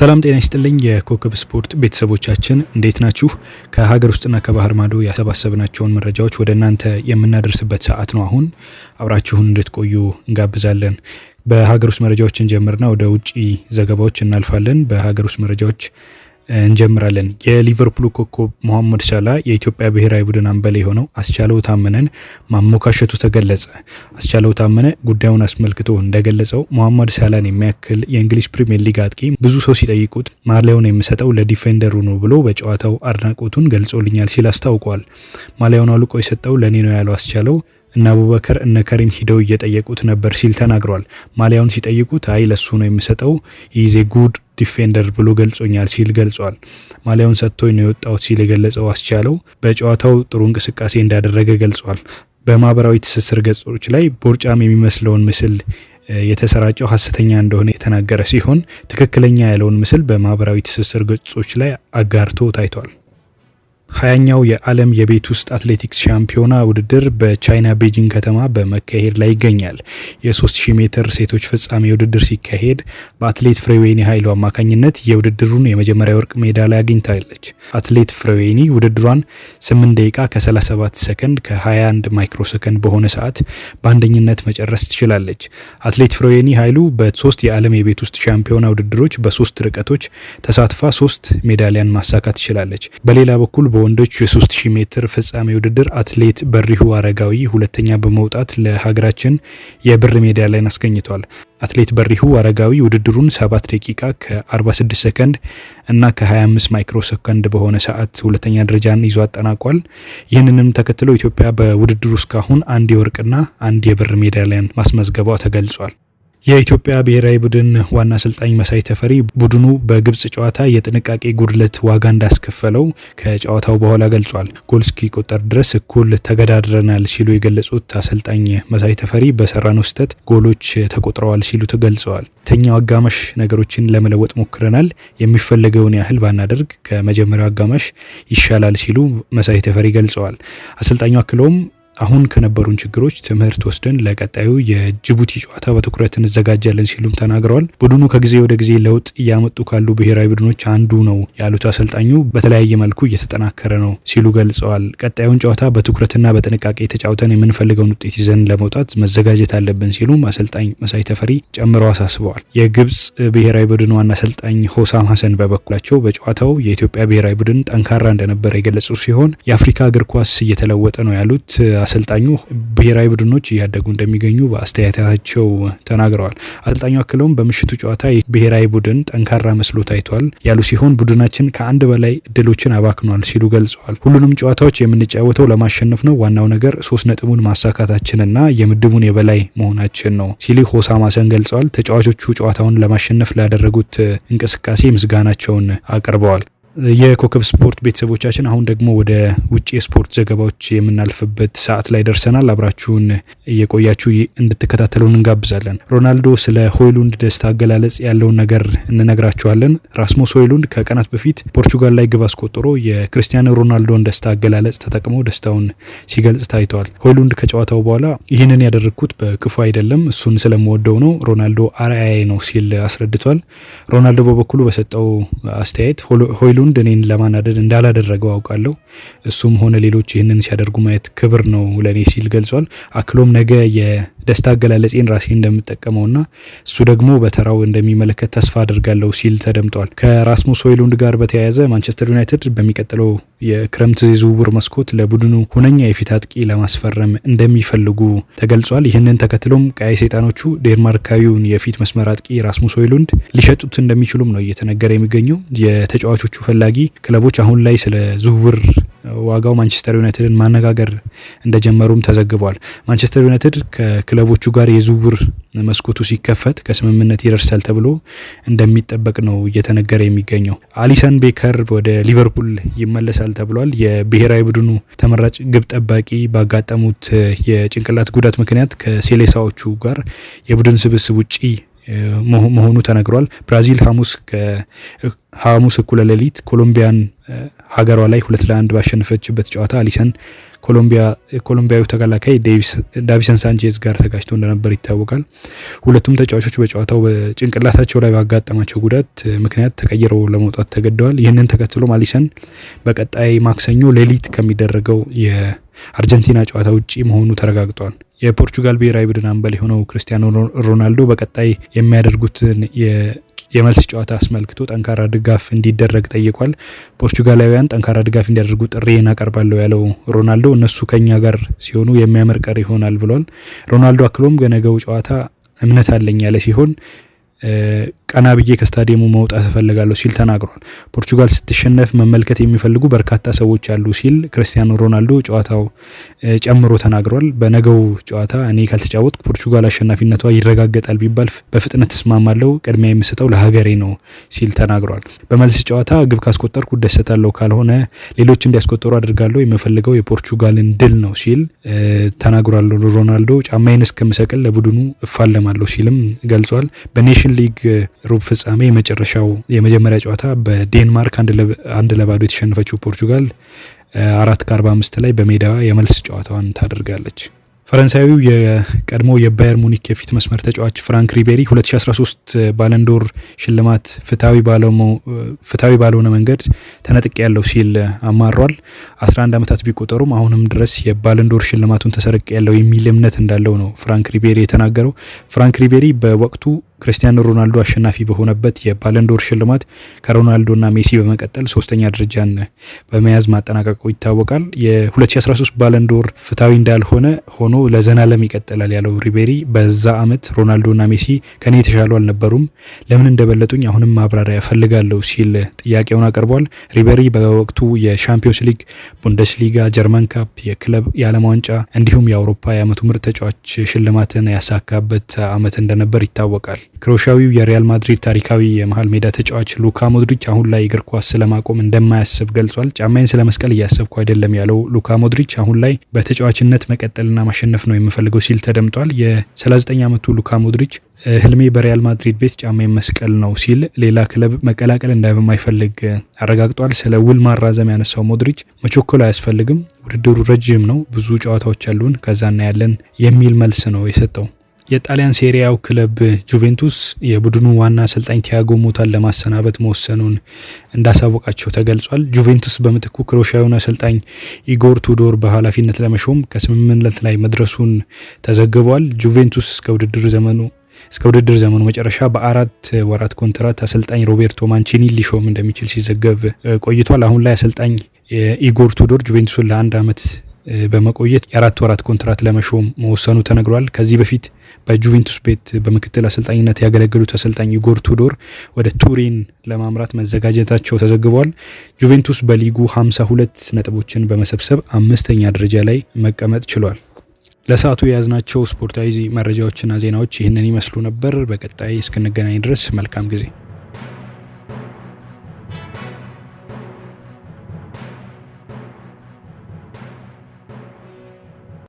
ሰላም ጤና ይስጥልኝ የኮከብ ስፖርት ቤተሰቦቻችን እንዴት ናችሁ? ከሀገር ውስጥና ከባህር ማዶ ያሰባሰብናቸውን መረጃዎች ወደ እናንተ የምናደርስበት ሰዓት ነው። አሁን አብራችሁን እንድትቆዩ እንጋብዛለን። በሀገር ውስጥ መረጃዎችን ጀምርና ወደ ውጭ ዘገባዎች እናልፋለን። በሀገር ውስጥ መረጃዎች እንጀምራለን። የሊቨርፑል ኮከብ መሐመድ ሳላ የኢትዮጵያ ብሔራዊ ቡድን አምበል የሆነው አስቻለው ታመነን ማሞካሸቱ ተገለጸ። አስቻለው ታመነ ጉዳዩን አስመልክቶ እንደገለጸው መሐመድ ሳላን የሚያክል የእንግሊዝ ፕሪምየር ሊግ አጥቂ ብዙ ሰው ሲጠይቁት ማሊያውን የምሰጠው ለዲፌንደሩ ነው ብሎ በጨዋታው አድናቆቱን ገልጾልኛል ሲል አስታውቋል። ማሊያውን አልቆ የሰጠው ለእኔ ነው ያለው አስቻለው እነ አቡበከር እነ ከሪም ሂደው እየጠየቁት ነበር ሲል ተናግሯል። ማሊያውን ሲጠይቁት አይ ለሱ ነው የምሰጠው ይዜ ጉድ ዲፌንደር ብሎ ገልጾኛል ሲል ገልጿል። ማሊያውን ሰጥቶኝ ነው የወጣሁት ሲል የገለጸው አስቻለው በጨዋታው ጥሩ እንቅስቃሴ እንዳደረገ ገልጿል። በማህበራዊ ትስስር ገጾች ላይ ቦርጫም የሚመስለውን ምስል የተሰራጨው ሀሰተኛ እንደሆነ የተናገረ ሲሆን ትክክለኛ ያለውን ምስል በማህበራዊ ትስስር ገጾች ላይ አጋርቶ ታይቷል። ሀያኛው የዓለም የቤት ውስጥ አትሌቲክስ ሻምፒዮና ውድድር በቻይና ቤጂንግ ከተማ በመካሄድ ላይ ይገኛል። የ3000 ሜትር ሴቶች ፍጻሜ ውድድር ሲካሄድ በአትሌት ፍሬዌኒ ኃይሉ አማካኝነት የውድድሩን የመጀመሪያ ወርቅ ሜዳሊያ አግኝታለች። አትሌት ፍሬዌኒ ውድድሯን 8 ደቂቃ ከ37 ሰከንድ ከ21 ማይክሮ ሰከንድ በሆነ ሰዓት በአንደኝነት መጨረስ ትችላለች። አትሌት ፍሬዌኒ ኃይሉ በሶስት የዓለም የቤት ውስጥ ሻምፒዮና ውድድሮች በሶስት ርቀቶች ተሳትፋ ሶስት ሜዳሊያን ማሳካት ትችላለች። በሌላ በኩል በወንዶች የ3000 ሜትር ፍጻሜ ውድድር አትሌት በሪሁ አረጋዊ ሁለተኛ በመውጣት ለሀገራችን የብር ሜዳሊያን አስገኝቷል። አትሌት በሪሁ አረጋዊ ውድድሩን 7 ደቂቃ ከ46 ሰከንድ እና ከ25 ማይክሮ ሰከንድ በሆነ ሰዓት ሁለተኛ ደረጃን ይዞ አጠናቋል። ይህንንም ተከትሎ ኢትዮጵያ በውድድሩ እስካሁን አንድ የወርቅና አንድ የብር ሜዳሊያን ማስመዝገቧ ተገልጿል። የኢትዮጵያ ብሔራዊ ቡድን ዋና አሰልጣኝ መሳይ ተፈሪ ቡድኑ በግብጽ ጨዋታ የጥንቃቄ ጉድለት ዋጋ እንዳስከፈለው ከጨዋታው በኋላ ገልጿል። ጎል እስኪቆጠር ድረስ እኩል ተገዳድረናል ሲሉ የገለጹት አሰልጣኝ መሳይ ተፈሪ በሰራነው ስህተት ጎሎች ተቆጥረዋል ሲሉ ተገልጸዋል። ተኛው አጋማሽ ነገሮችን ለመለወጥ ሞክረናል። የሚፈለገውን ያህል ባናደርግ ከመጀመሪያው አጋማሽ ይሻላል ሲሉ መሳይ ተፈሪ ገልጸዋል። አሰልጣኙ አክለውም አሁን ከነበሩን ችግሮች ትምህርት ወስደን ለቀጣዩ የጅቡቲ ጨዋታ በትኩረት እንዘጋጃለን ሲሉም ተናግረዋል። ቡድኑ ከጊዜ ወደ ጊዜ ለውጥ እያመጡ ካሉ ብሔራዊ ቡድኖች አንዱ ነው ያሉት አሰልጣኙ በተለያየ መልኩ እየተጠናከረ ነው ሲሉ ገልጸዋል። ቀጣዩን ጨዋታ በትኩረትና በጥንቃቄ ተጫውተን የምንፈልገውን ውጤት ይዘን ለመውጣት መዘጋጀት አለብን ሲሉም አሰልጣኝ መሳይ ተፈሪ ጨምረው አሳስበዋል። የግብጽ ብሔራዊ ቡድን ዋና አሰልጣኝ ሆሳም ሀሰን በበኩላቸው በጨዋታው የኢትዮጵያ ብሔራዊ ቡድን ጠንካራ እንደነበረ የገለጹ ሲሆን የአፍሪካ እግር ኳስ እየተለወጠ ነው ያሉት አሰልጣኙ ብሔራዊ ቡድኖች እያደጉ እንደሚገኙ በአስተያየታቸው ተናግረዋል። አሰልጣኙ አክለውም በምሽቱ ጨዋታ ብሔራዊ ቡድን ጠንካራ መስሎ ታይቷል ያሉ ሲሆን ቡድናችን ከአንድ በላይ ድሎችን አባክኗል ሲሉ ገልጸዋል። ሁሉንም ጨዋታዎች የምንጫወተው ለማሸነፍ ነው። ዋናው ነገር ሶስት ነጥቡን ማሳካታችንና የምድቡን የበላይ መሆናችን ነው ሲሉ ሆሳ ማሰን ገልጸዋል። ተጫዋቾቹ ጨዋታውን ለማሸነፍ ላደረጉት እንቅስቃሴ ምስጋናቸውን አቅርበዋል። የኮከብ ስፖርት ቤተሰቦቻችን አሁን ደግሞ ወደ ውጭ የስፖርት ዘገባዎች የምናልፍበት ሰዓት ላይ ደርሰናል። አብራችሁን እየቆያችሁ እንድትከታተሉን እንጋብዛለን። ሮናልዶ ስለ ሆይሉንድ ደስታ አገላለጽ ያለውን ነገር እንነግራችኋለን። ራስሞስ ሆይሉንድ ከቀናት በፊት ፖርቹጋል ላይ ግብ አስቆጥሮ የክርስቲያኖ ሮናልዶን ደስታ አገላለጽ ተጠቅሞ ደስታውን ሲገልጽ ታይተዋል። ሆይሉንድ ከጨዋታው በኋላ ይህንን ያደረግኩት በክፉ አይደለም፣ እሱን ስለምወደው ነው፣ ሮናልዶ አርአያዬ ነው ሲል አስረድቷል። ሮናልዶ በበኩሉ በሰጠው አስተያየት ሉንድ እኔን ለማናደድ እንዳላደረገው አውቃለሁ። እሱም ሆነ ሌሎች ይህንን ሲያደርጉ ማየት ክብር ነው ለእኔ ሲል ገልጿል። አክሎም ነገ ደስታ አገላለጼን ራሴ ና እሱ ደግሞ በተራው እንደሚመለከት ተስፋ አድርጋለሁ ሲል ተደምጧል። ከራስሙስ ሆይሉንድ ጋር በተያያዘ ማንቸስተር ዩናይትድ በሚቀጥለው የክረምት ዝውውር መስኮት ለቡድኑ ሁነኛ የፊት አጥቂ ለማስፈረም እንደሚፈልጉ ተገልጿል። ይህንን ተከትሎም ቀያይ ሰይጣኖቹ ዴንማርካዊውን የፊት መስመር አጥቂ ራስሙስ ሆይሉንድ ሊሸጡት እንደሚችሉም ነው እየተነገረ የሚገኘው። የተጫዋቾቹ ፈላጊ ክለቦች አሁን ላይ ስለ ዝውውር ዋጋው ማንቸስተር ዩናይትድን ማነጋገር እንደጀመሩም ተዘግቧል። ማንቸስተር ዩናይትድ ክለቦቹ ጋር የዝውውር መስኮቱ ሲከፈት ከስምምነት ይደርሳል ተብሎ እንደሚጠበቅ ነው እየተነገረ የሚገኘው። አሊሰን ቤከር ወደ ሊቨርፑል ይመለሳል ተብሏል። የብሔራዊ ቡድኑ ተመራጭ ግብ ጠባቂ ባጋጠሙት የጭንቅላት ጉዳት ምክንያት ከሴሌሳዎቹ ጋር የቡድን ስብስብ ውጪ መሆኑ ተነግሯል። ብራዚል ሐሙስ ሐሙስ እኩለ ሌሊት ኮሎምቢያን ሀገሯ ላይ ሁለት ለአንድ ባሸነፈችበት ጨዋታ አሊሰን ኮሎምቢያዊ ተከላካይ ዳቪሰን ሳንቼዝ ጋር ተጋጭተው እንደነበር ይታወቃል። ሁለቱም ተጫዋቾች በጨዋታው በጭንቅላታቸው ላይ ባጋጠማቸው ጉዳት ምክንያት ተቀይረው ለመውጣት ተገደዋል። ይህንን ተከትሎም አሊሰን በቀጣይ ማክሰኞ ሌሊት ከሚደረገው የአርጀንቲና ጨዋታ ውጪ መሆኑ ተረጋግጧል። የፖርቹጋል ብሔራዊ ቡድን አምበል የሆነው ክርስቲያኖ ሮናልዶ በቀጣይ የሚያደርጉትን የመልስ ጨዋታ አስመልክቶ ጠንካራ ድጋፍ እንዲደረግ ጠይቋል። ፖርቹጋላውያን ጠንካራ ድጋፍ እንዲያደርጉ ጥሪ እናቀርባለሁ ያለው ሮናልዶ እነሱ ከኛ ጋር ሲሆኑ የሚያምር ቀር ይሆናል ብሏል። ሮናልዶ አክሎም በነገው ጨዋታ እምነት አለኝ ያለ ሲሆን ቀና ብዬ ከስታዲየሙ መውጣት እፈልጋለሁ ሲል ተናግሯል። ፖርቹጋል ስትሸነፍ መመልከት የሚፈልጉ በርካታ ሰዎች አሉ ሲል ክርስቲያኖ ሮናልዶ ጨዋታው ጨምሮ ተናግሯል። በነገው ጨዋታ እኔ ካልተጫወትኩ ፖርቹጋል አሸናፊነቷ ይረጋገጣል ቢባል በፍጥነት እስማማለሁ፣ ቅድሚያ የምሰጠው ለሀገሬ ነው ሲል ተናግሯል። በመልስ ጨዋታ ግብ ካስቆጠርኩ እደሰታለሁ፣ ካልሆነ ሌሎች እንዲያስቆጠሩ አድርጋለሁ፣ የምፈልገው የፖርቹጋልን ድል ነው ሲል ተናግሯል። ሮናልዶ ጫማዬን እስከምሰቅል ለቡድኑ እፋለማለሁ ሲልም ገልጿል። በኔሽን ሊግ ሩብ ፍጻሜ የመጨረሻው የመጀመሪያ ጨዋታ በዴንማርክ አንድ ለባዶ የተሸነፈችው ፖርቹጋል አራት ከአርባ አምስት ላይ በሜዳዋ የመልስ ጨዋታዋን ታደርጋለች። ፈረንሳዊው የቀድሞ የባየር ሙኒክ የፊት መስመር ተጫዋች ፍራንክ ሪቤሪ 2013 ባለንዶር ሽልማት ፍትሐዊ ባልሆነ መንገድ ተነጥቅ ያለው ሲል አማሯል። 11 ዓመታት ቢቆጠሩም አሁንም ድረስ የባለንዶር ሽልማቱን ተሰርቅ ያለው የሚል እምነት እንዳለው ነው ፍራንክ ሪቤሪ የተናገረው። ፍራንክ ሪቤሪ በወቅቱ ክርስቲያኖ ሮናልዶ አሸናፊ በሆነበት የባለንዶር ሽልማት ከሮናልዶና ሜሲ በመቀጠል ሶስተኛ ደረጃን በመያዝ ማጠናቀቁ ይታወቃል። የ2013 ባለንዶር ፍትሐዊ እንዳልሆነ ሆኖ ለዘላለም ይቀጥላል ያለው ሪቤሪ በዛ አመት ሮናልዶና ሜሲ ከኔ የተሻሉ አልነበሩም፣ ለምን እንደበለጡኝ አሁንም ማብራሪያ እፈልጋለሁ ሲል ጥያቄውን አቅርቧል። ሪቤሪ በወቅቱ የሻምፒዮንስ ሊግ፣ ቡንደስሊጋ፣ ጀርመን ካፕ፣ የክለብ የዓለም ዋንጫ እንዲሁም የአውሮፓ የአመቱ ምርጥ ተጫዋች ሽልማትን ያሳካበት አመት እንደነበር ይታወቃል። ክሮሻዊው የሪያል ማድሪድ ታሪካዊ የመሀል ሜዳ ተጫዋች ሉካ ሞድሪች አሁን ላይ እግር ኳስ ስለማቆም እንደማያስብ ገልጿል። ጫማዬን ስለመስቀል እያሰብኩ አይደለም ያለው ሉካ ሞድሪች አሁን ላይ በተጫዋችነት መቀጠልና ማሸነፍ ነው የምፈልገው ሲል ተደምጧል። የ39 ዓመቱ ሉካ ሞድሪች ህልሜ በሪያል ማድሪድ ቤት ጫማዬን መስቀል ነው ሲል ሌላ ክለብ መቀላቀል እንደማይፈልግ አረጋግጧል። ስለ ውል ማራዘም ያነሳው ሞድሪች መቸኮል አያስፈልግም፣ ውድድሩ ረጅም ነው፣ ብዙ ጨዋታዎች ያሉን፣ ከዛ እናያለን የሚል መልስ ነው የሰጠው። የጣሊያን ሴሪያው ክለብ ጁቬንቱስ የቡድኑ ዋና አሰልጣኝ ቲያጎ ሞታን ለማሰናበት መወሰኑን እንዳሳወቃቸው ተገልጿል። ጁቬንቱስ በምትኩ ክሮሻዊውን አሰልጣኝ ኢጎር ቱዶር በኃላፊነት ለመሾም ከስምምነት ላይ መድረሱን ተዘግቧል። ጁቬንቱስ እስከ ውድድር ዘመኑ እስከ ውድድር ዘመኑ መጨረሻ በአራት ወራት ኮንትራት አሰልጣኝ ሮቤርቶ ማንቺኒ ሊሾም እንደሚችል ሲዘገብ ቆይቷል። አሁን ላይ አሰልጣኝ ኢጎር ቱዶር ጁቬንቱስን ለአንድ ዓመት በመቆየት የአራት ወራት ኮንትራት ለመሾም መወሰኑ ተነግሯል። ከዚህ በፊት በጁቬንቱስ ቤት በምክትል አሰልጣኝነት ያገለገሉት አሰልጣኝ ኢጎር ቱዶር ወደ ቱሪን ለማምራት መዘጋጀታቸው ተዘግቧል። ጁቬንቱስ በሊጉ 52 ነጥቦችን በመሰብሰብ አምስተኛ ደረጃ ላይ መቀመጥ ችሏል። ለሰዓቱ የያዝናቸው ስፖርታዊ መረጃዎችና ዜናዎች ይህንን ይመስሉ ነበር። በቀጣይ እስክንገናኝ ድረስ መልካም ጊዜ